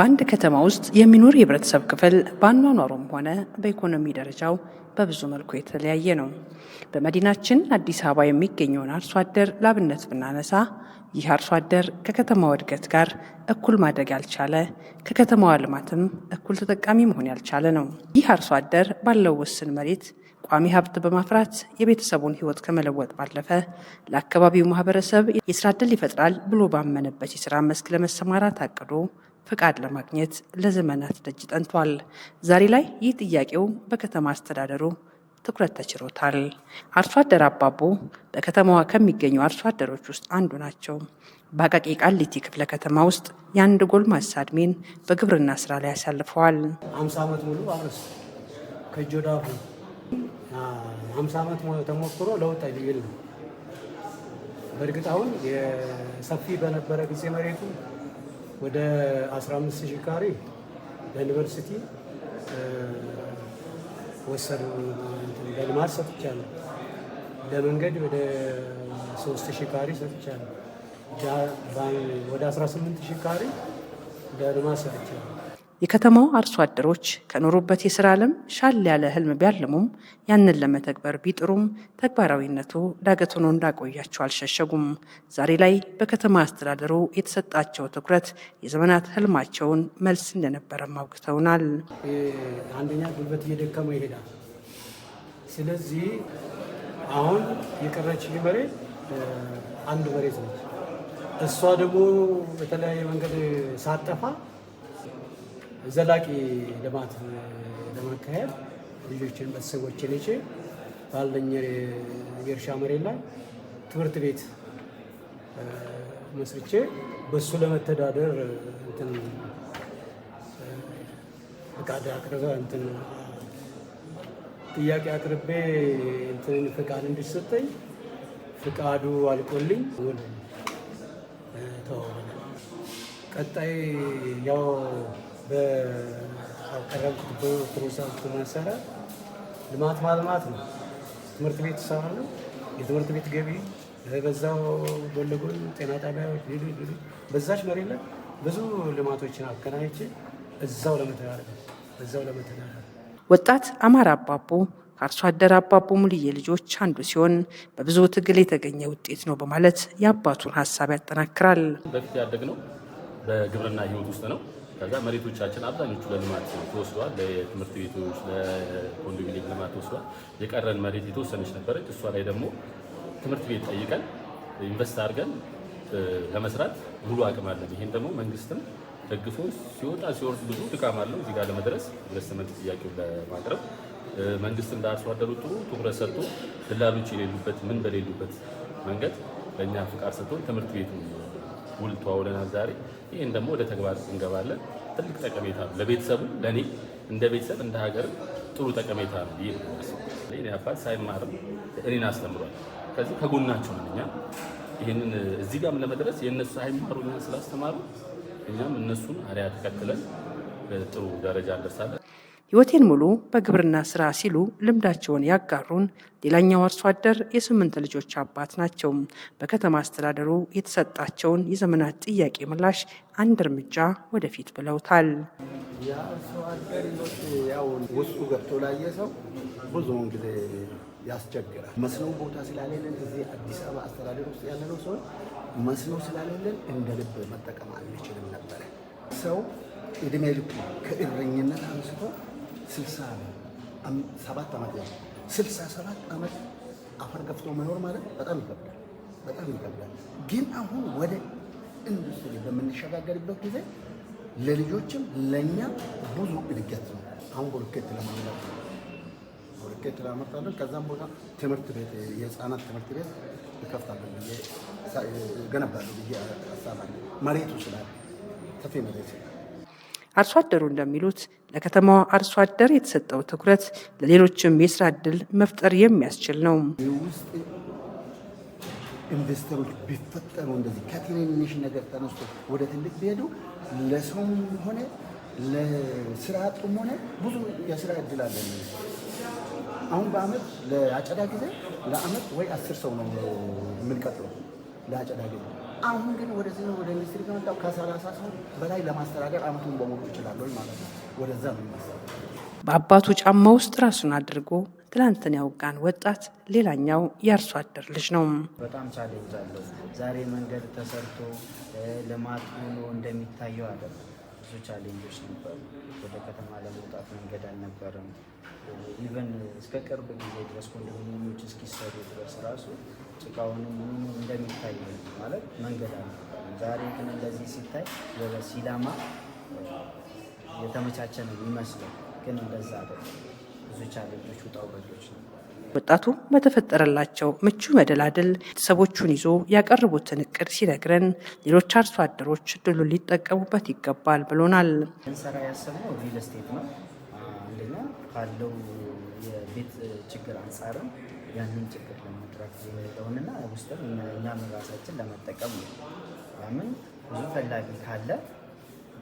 በአንድ ከተማ ውስጥ የሚኖር የህብረተሰብ ክፍል በአኗኗሩም ሆነ በኢኮኖሚ ደረጃው በብዙ መልኩ የተለያየ ነው። በመዲናችን አዲስ አበባ የሚገኘውን አርሶ አደር ላብነት ብናነሳ ይህ አርሶ አደር ከከተማው እድገት ጋር እኩል ማደግ ያልቻለ፣ ከከተማዋ ልማትም እኩል ተጠቃሚ መሆን ያልቻለ ነው። ይህ አርሶ አደር ባለው ውስን መሬት ቋሚ ሀብት በማፍራት የቤተሰቡን ህይወት ከመለወጥ ባለፈ ለአካባቢው ማህበረሰብ የስራ እድል ይፈጥራል ብሎ ባመነበት የስራ መስክ ለመሰማራት አቅዶ ፍቃድ ለማግኘት ለዘመናት ደጅ ጠንቷል። ዛሬ ላይ ይህ ጥያቄው በከተማ አስተዳደሩ ትኩረት ተችሮታል። አርሶ አደር አባቦ በከተማዋ ከሚገኙ አርሶ አደሮች ውስጥ አንዱ ናቸው። በአቃቂ ቃሊቲ ክፍለ ከተማ ውስጥ የአንድ ጎልማሳ አድሜን በግብርና ስራ ላይ ያሳልፈዋል። አምሳ ዓመት ሙሉ አርስ ከጆዳፉ አምሳ ዓመት ተሞክሮ ለውጥ አይል ነው። በእርግጥ አሁን ሰፊ በነበረ ጊዜ መሬቱ ወደ 15 ሺህ ካሬ ለዩኒቨርሲቲ ወሰዱ ለልማት ሰጥቻለሁ። ለመንገድ ወደ 3 ሺህ ካሬ ሰጥቻለሁ። ወደ 18 ሺህ ካሬ ለልማት ሰጥቻለሁ። የከተማው አርሶ አደሮች ከኖሩበት የስራ ዓለም ሻል ያለ ህልም ቢያልሙም ያንን ለመተግበር ቢጥሩም ተግባራዊነቱ ዳገት ሆኖ እንዳቆያቸው አልሸሸጉም። ዛሬ ላይ በከተማ አስተዳደሩ የተሰጣቸው ትኩረት የዘመናት ህልማቸውን መልስ እንደነበረም አውግተውናል። አንደኛ ጉልበት እየደከመ ይሄዳል። ስለዚህ አሁን የቀረች መሬት አንድ መሬት ነች። እሷ ደግሞ በተለያየ መንገድ ሳጠፋ ዘላቂ ልማት ለማካሄድ ልጆችን ቤተሰቦችን ይቼ ባለኝ የእርሻ መሬት ላይ ትምህርት ቤት መስርቼ በሱ ለመተዳደር እንትን ፍቃድ አቅርበ እንትን ጥያቄ አቅርቤ እንትን ፍቃድ እንዲሰጠኝ ፍቃዱ አልቆልኝ ተው ቀጣይ ያው በቀረብኩት በፕሮጀክት መሰረት ልማት ማልማት ነው። ትምህርት ቤት የትምህርት ቤት ገቢ በዛው ጎን ለጎን ጤና ጣቢያዎች፣ ሌሎች በዛች መሬት ላይ ብዙ ልማቶችን አከናይቼ እዛው ለመተዳደር እዛው ለመተዳደር ወጣት አማራ አባቦ ከአርሶ አደር አባቦ ሙልዬ ልጆች አንዱ ሲሆን በብዙ ትግል የተገኘ ውጤት ነው በማለት የአባቱን ሀሳብ ያጠናክራል። በፊት ያደግ ነው በግብርና ህይወት ውስጥ ነው። ከዛ መሬቶቻችን አብዛኞቹ ለልማት ተወስዷል። ለትምህርት ቤቶች፣ ለኮንዶሚኒየም ልማት ተወስዷል። የቀረን መሬት የተወሰነች ነበረች። እሷ ላይ ደግሞ ትምህርት ቤት ጠይቀን ኢንቨስት አድርገን ለመስራት ሙሉ አቅም አለን። ይህም ደግሞ መንግስትም ደግፎ ሲወጣ ሲወርድ ብዙ ድካም አለው እዚህ ጋር ለመድረስ ኢንቨስትመንት ጥያቄው ለማቅረብ መንግስትም ለአርሶ አደሩ ጥሩ ትኩረት ሰጥቶ ደላሎች የሌሉበት ምን በሌሉበት መንገድ ለእኛ ፍቃድ ሰጥቶን ትምህርት ቤቱ ውል ተዋውለናል ዛሬ ይህን ደግሞ ወደ ተግባር እንገባለን። ትልቅ ጠቀሜታ ነው ለቤተሰቡ፣ ለእኔ እንደ ቤተሰብ እንደ ሀገር ጥሩ ጠቀሜታ ነው። ይህ አባት ሳይማርም እኔን አስተምሯል። ከዚህ ከጎናቸው ነው። እኛ ይህንን እዚህ ጋም ለመድረስ የእነሱ ሳይማሩ ስላስተማሩ እኛም እነሱን አሪያ ተከትለን ጥሩ ደረጃ እንደርሳለን። ሕይወቴን ሙሉ በግብርና ስራ ሲሉ ልምዳቸውን ያጋሩን ሌላኛው አርሶ አደር የስምንት ልጆች አባት ናቸው። በከተማ አስተዳደሩ የተሰጣቸውን የዘመናት ጥያቄ ምላሽ አንድ እርምጃ ወደፊት ብለውታል። የአርሶ አደር ያው ውስጡ ገብቶ ላየ ሰው ብዙውን ጊዜ ያስቸግራል። መስኖ ቦታ ስላሌለን እዚህ አዲስ አበባ አስተዳደር ውስጥ ያለነው ሰው መስኖ ስላሌለን እንደ ልብ መጠቀም አንችልም ነበረ። ሰው እድሜ ልኩ ከእረኝነት አንስቶ ሰባት ዓመት ያ ስልሳ ሰባት ዓመት አፈር ገፍቶ መኖር ማለት በጣም ይከብዳል፣ በጣም ይከብዳል። ግን አሁን ወደ ኢንዱስትሪ በምንሸጋገርበት ጊዜ ለልጆችም ለእኛ ብዙ እድገት ነው። አሁን ቦልኬት ለማምረት ቦልኬት ለማምርታለን። ከዛም ቦታ ትምህርት ቤት የህፃናት ትምህርት ቤት እከፍታለን ብዬ ገነባለሁ ብዬ አሳባለሁ። መሬቱ ስላለ ሰፊ መሬት ስላለ አርሶ አደሩ እንደሚሉት ለከተማዋ አርሶ አደር የተሰጠው ትኩረት ለሌሎችም የስራ ዕድል መፍጠር የሚያስችል ነው። ኢንቨስተሮች ቢፈጠሩ እንደዚህ ከትንንሽ ነገር ተነስቶ ወደ ትልቅ ቢሄዱ ለሰውም ሆነ ለስራ አጡም ሆነ ብዙ የስራ እድል አለ። አሁን በአመት ለአጨዳ ጊዜ ለአመት ወይ አስር ሰው ነው የምንቀጥለው ለአጨዳ ጊዜ አሁን ግን ወደዚህ ወደ ኢንዱስትሪ ከመጣው ከሰላሳ ሰው በላይ ለማስተዳደር አመቱን በሙሉ ይችላለሁ ማለት ነው። ወደዛ ነው የሚመስለው። በአባቱ ጫማ ውስጥ ራሱን አድርጎ ትላንትን ያውቃን ወጣት ሌላኛው የአርሶ አደር ልጅ ነው። በጣም ቻሌንጅ አለው። ዛሬ መንገድ ተሰርቶ ልማት ሆኖ እንደሚታየው አለ ብዙ ቻሌንጆች ነበሩ። ወደ ከተማ ለመውጣት መንገድ አልነበረም። ኢቨን እስከ ቅርብ ጊዜ ድረስ ኮንዶሚኒየሞች እስኪሰሩ ድረስ ራሱ ጭቃውንም ምኑም እንደሚታይ ማለት መንገድ አለ። ዛሬ ግን እንደዚህ ሲታይ ሲዳማ የተመቻቸ ነው ይመስላል፣ ግን እንደዛ አይደለም። ብዙ ቻሌንጆች ውጣ ውረዶች ነው። ወጣቱ በተፈጠረላቸው ምቹ መደላደል ቤተሰቦቹን ይዞ ያቀረቡትን እቅድ ሲነግረን ሌሎች አርሶ አደሮች ድሉን ሊጠቀሙበት ይገባል ብሎናል። እንሰራ ያሰብነው ሪል ስቴት ነው አንደኛ ካለው ቤት ችግር አንጻርም ያንን ችግር ለመቅረፍ የሚለውንና ውስጥም እኛም ራሳችን ለመጠቀም ነው። ለምን ብዙ ፈላጊ ካለ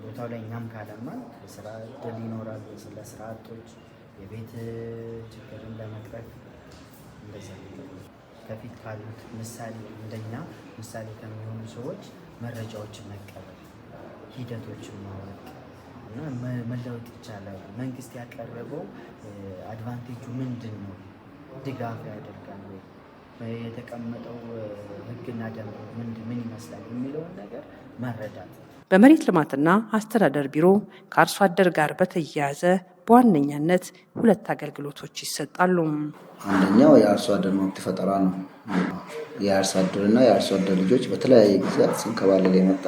ቦታው ላይ እኛም ካለማን የስራ እድል ይኖራል። ስለ ስራ አጦች የቤት ችግርን ለመቅረፍ እንደዚያ ከፊት ካሉት ምሳሌ እንደኛ ምሳሌ ከሚሆኑ ሰዎች መረጃዎችን መቀበል ሂደቶችን ማወቅ እና መለወጥ ይቻላል። መንግስት ያቀረበው አድቫንቴጁ ምንድን ነው? ድጋፍ ያደርጋል ወይ? የተቀመጠው ህግና ደንብ ምን ይመስላል የሚለውን ነገር መረዳት በመሬት ልማትና አስተዳደር ቢሮ ከአርሶ አደር ጋር በተያያዘ በዋነኛነት ሁለት አገልግሎቶች ይሰጣሉ። አንደኛው የአርሶ አደር መብት ፈጠራ ነው። የአርሶ አደርና የአርሶ አደር ልጆች በተለያየ ጊዜያት ስንከባለል የመጣ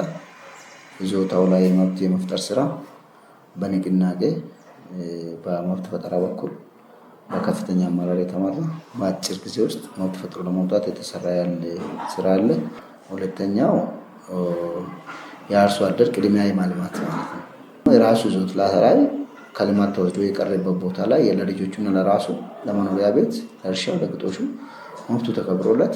ይዞታው ላይ መብት የመፍጠር ስራ በንቅናቄ በመብት ፈጠራ በኩል በከፍተኛ አመራር የተመራ በአጭር ጊዜ ውስጥ መብት ፈጥሮ ለመውጣት የተሰራ ያለ ስራ አለ። ሁለተኛው የአርሶ አደር ቅድሚያ የማልማት ማለት ነው። የራሱ ይዞት ላይ ከልማት ተወስዶ የቀረበት ቦታ ላይ የለልጆቹና ለራሱ ለመኖሪያ ቤት፣ ለእርሻው፣ ለግጦሹ መብቱ ተከብሮለት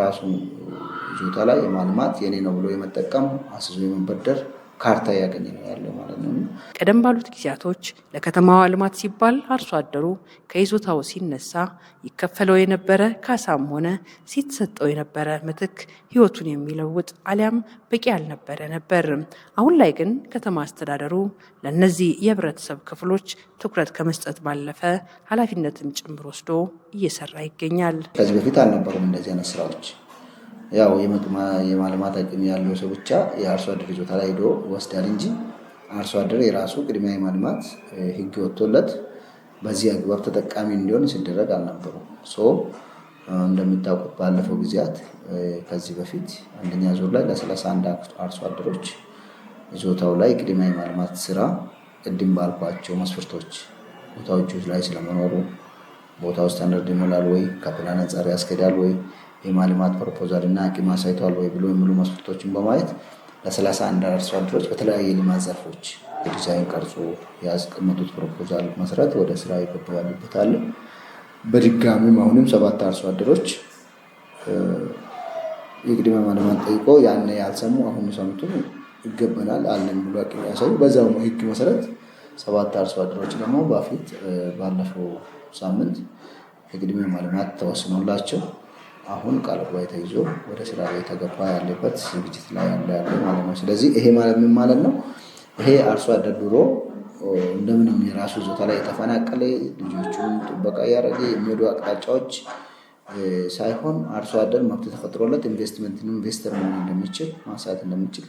ራሱ ይዞታ ላይ የማልማት የኔ ነው ብሎ የመጠቀም አስዞ የመበደር ካርታ እያገኘ ነው ያለው ማለት ነው። ቀደም ባሉት ጊዜያቶች ለከተማዋ ልማት ሲባል አርሶ አደሩ ከይዞታው ሲነሳ ይከፈለው የነበረ ካሳም ሆነ ሲሰጠው የነበረ ምትክ ሕይወቱን የሚለውጥ አሊያም በቂ ያልነበረ ነበር። አሁን ላይ ግን ከተማ አስተዳደሩ ለእነዚህ የህብረተሰብ ክፍሎች ትኩረት ከመስጠት ባለፈ ኃላፊነትም ጭምር ወስዶ እየሰራ ይገኛል። ከዚህ በፊት አልነበሩም እንደዚህ አይነት ስራዎች ያው የማልማት አቅም ያለው ሰው ብቻ የአርሶ አደር ይዞታ ላይ ሄዶ ይወስዳል እንጂ አርሶ አደር የራሱ ቅድሚያ የማልማት ህግ ወጥቶለት በዚህ አግባብ ተጠቃሚ እንዲሆን ሲደረግ አልነበሩም። እንደምታውቁት ባለፈው ጊዜያት ከዚህ በፊት አንደኛ ዙር ላይ ለሰላሳ አንድ አርሶ አደሮች ይዞታው ላይ ቅድሚያ የማልማት ስራ ቅድም ባልኳቸው መስፈርቶች ቦታዎች ላይ ስለመኖሩ ቦታው ስታንዳርድ ይሞላል ወይ፣ ከፕላን አንጻር ያስኬዳል ወይ የማልማት ፕሮፖዛል እና አቅም አሳይተዋል ወይ ብሎ የሚሉ መስፈርቶችን በማየት ለ31 አርሶ አደሮች በተለያየ ልማት ዘርፎች የዲዛይን ቀርጾ ያስቀመጡት ፕሮፖዛል መሰረት ወደ ስራ የገቡ ያሉበታል። በድጋሚም አሁንም ሰባት አርሶ አደሮች የቅድመ ማልማት ጠይቆ ያን ያልሰሙ አሁን ሰምቱ ይገባናል አለን ብሎ አቅም ያሳዩ በዛው ህግ መሰረት ሰባት አርሶ አደሮች ደግሞ በፊት ባለፈው ሳምንት የቅድመ ማልማት ተወስኖላቸው አሁን ቃል ጉባኤ ተይዞ ወደ ስራ ላይ ተገባ ያለበት ዝግጅት ላይ ያለ ያለ ማለት ነው። ስለዚህ ይሄ ማለት ምን ማለት ነው? ይሄ አርሶ አደር ድሮ እንደምንም የራሱ ዞታ ላይ የተፈናቀለ ልጆቹን ጥበቃ እያደረገ የሚሄዱ አቅጣጫዎች ሳይሆን አርሶ አደር መብት ተፈጥሮለት ኢንቨስትመንት ኢንቨስተር መሆን እንደሚችል ማንሳት እንደሚችል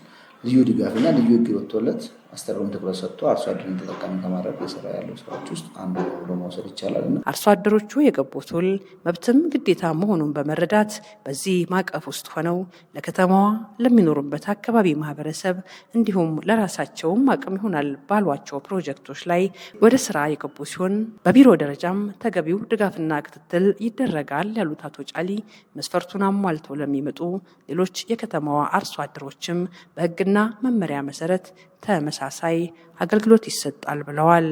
ልዩ ድጋፍና ልዩ ህግ ወጥቶለት አስተዳደሩን ትኩረት ሰጥቶ አርሶ አደሩን ተጠቃሚ ከማድረግ የሰራ ያለው ስራዎች ውስጥ አንዱ ብሎ መውሰድ ይቻላል እና አርሶ አደሮቹ የገቡት ውል መብትም ግዴታ መሆኑን በመረዳት በዚህ ማዕቀፍ ውስጥ ሆነው ለከተማዋ ለሚኖሩበት አካባቢ ማህበረሰብ እንዲሁም ለራሳቸውም አቅም ይሆናል ባሏቸው ፕሮጀክቶች ላይ ወደ ስራ የገቡ ሲሆን በቢሮ ደረጃም ተገቢው ድጋፍና ክትትል ይደረጋል ያሉት አቶ ጫሊ መስፈርቱን አሟልተው ለሚመጡ ሌሎች የከተማዋ አርሶ አደሮችም በህግና ደንብና መመሪያ መሰረት ተመሳሳይ አገልግሎት ይሰጣል ብለዋል።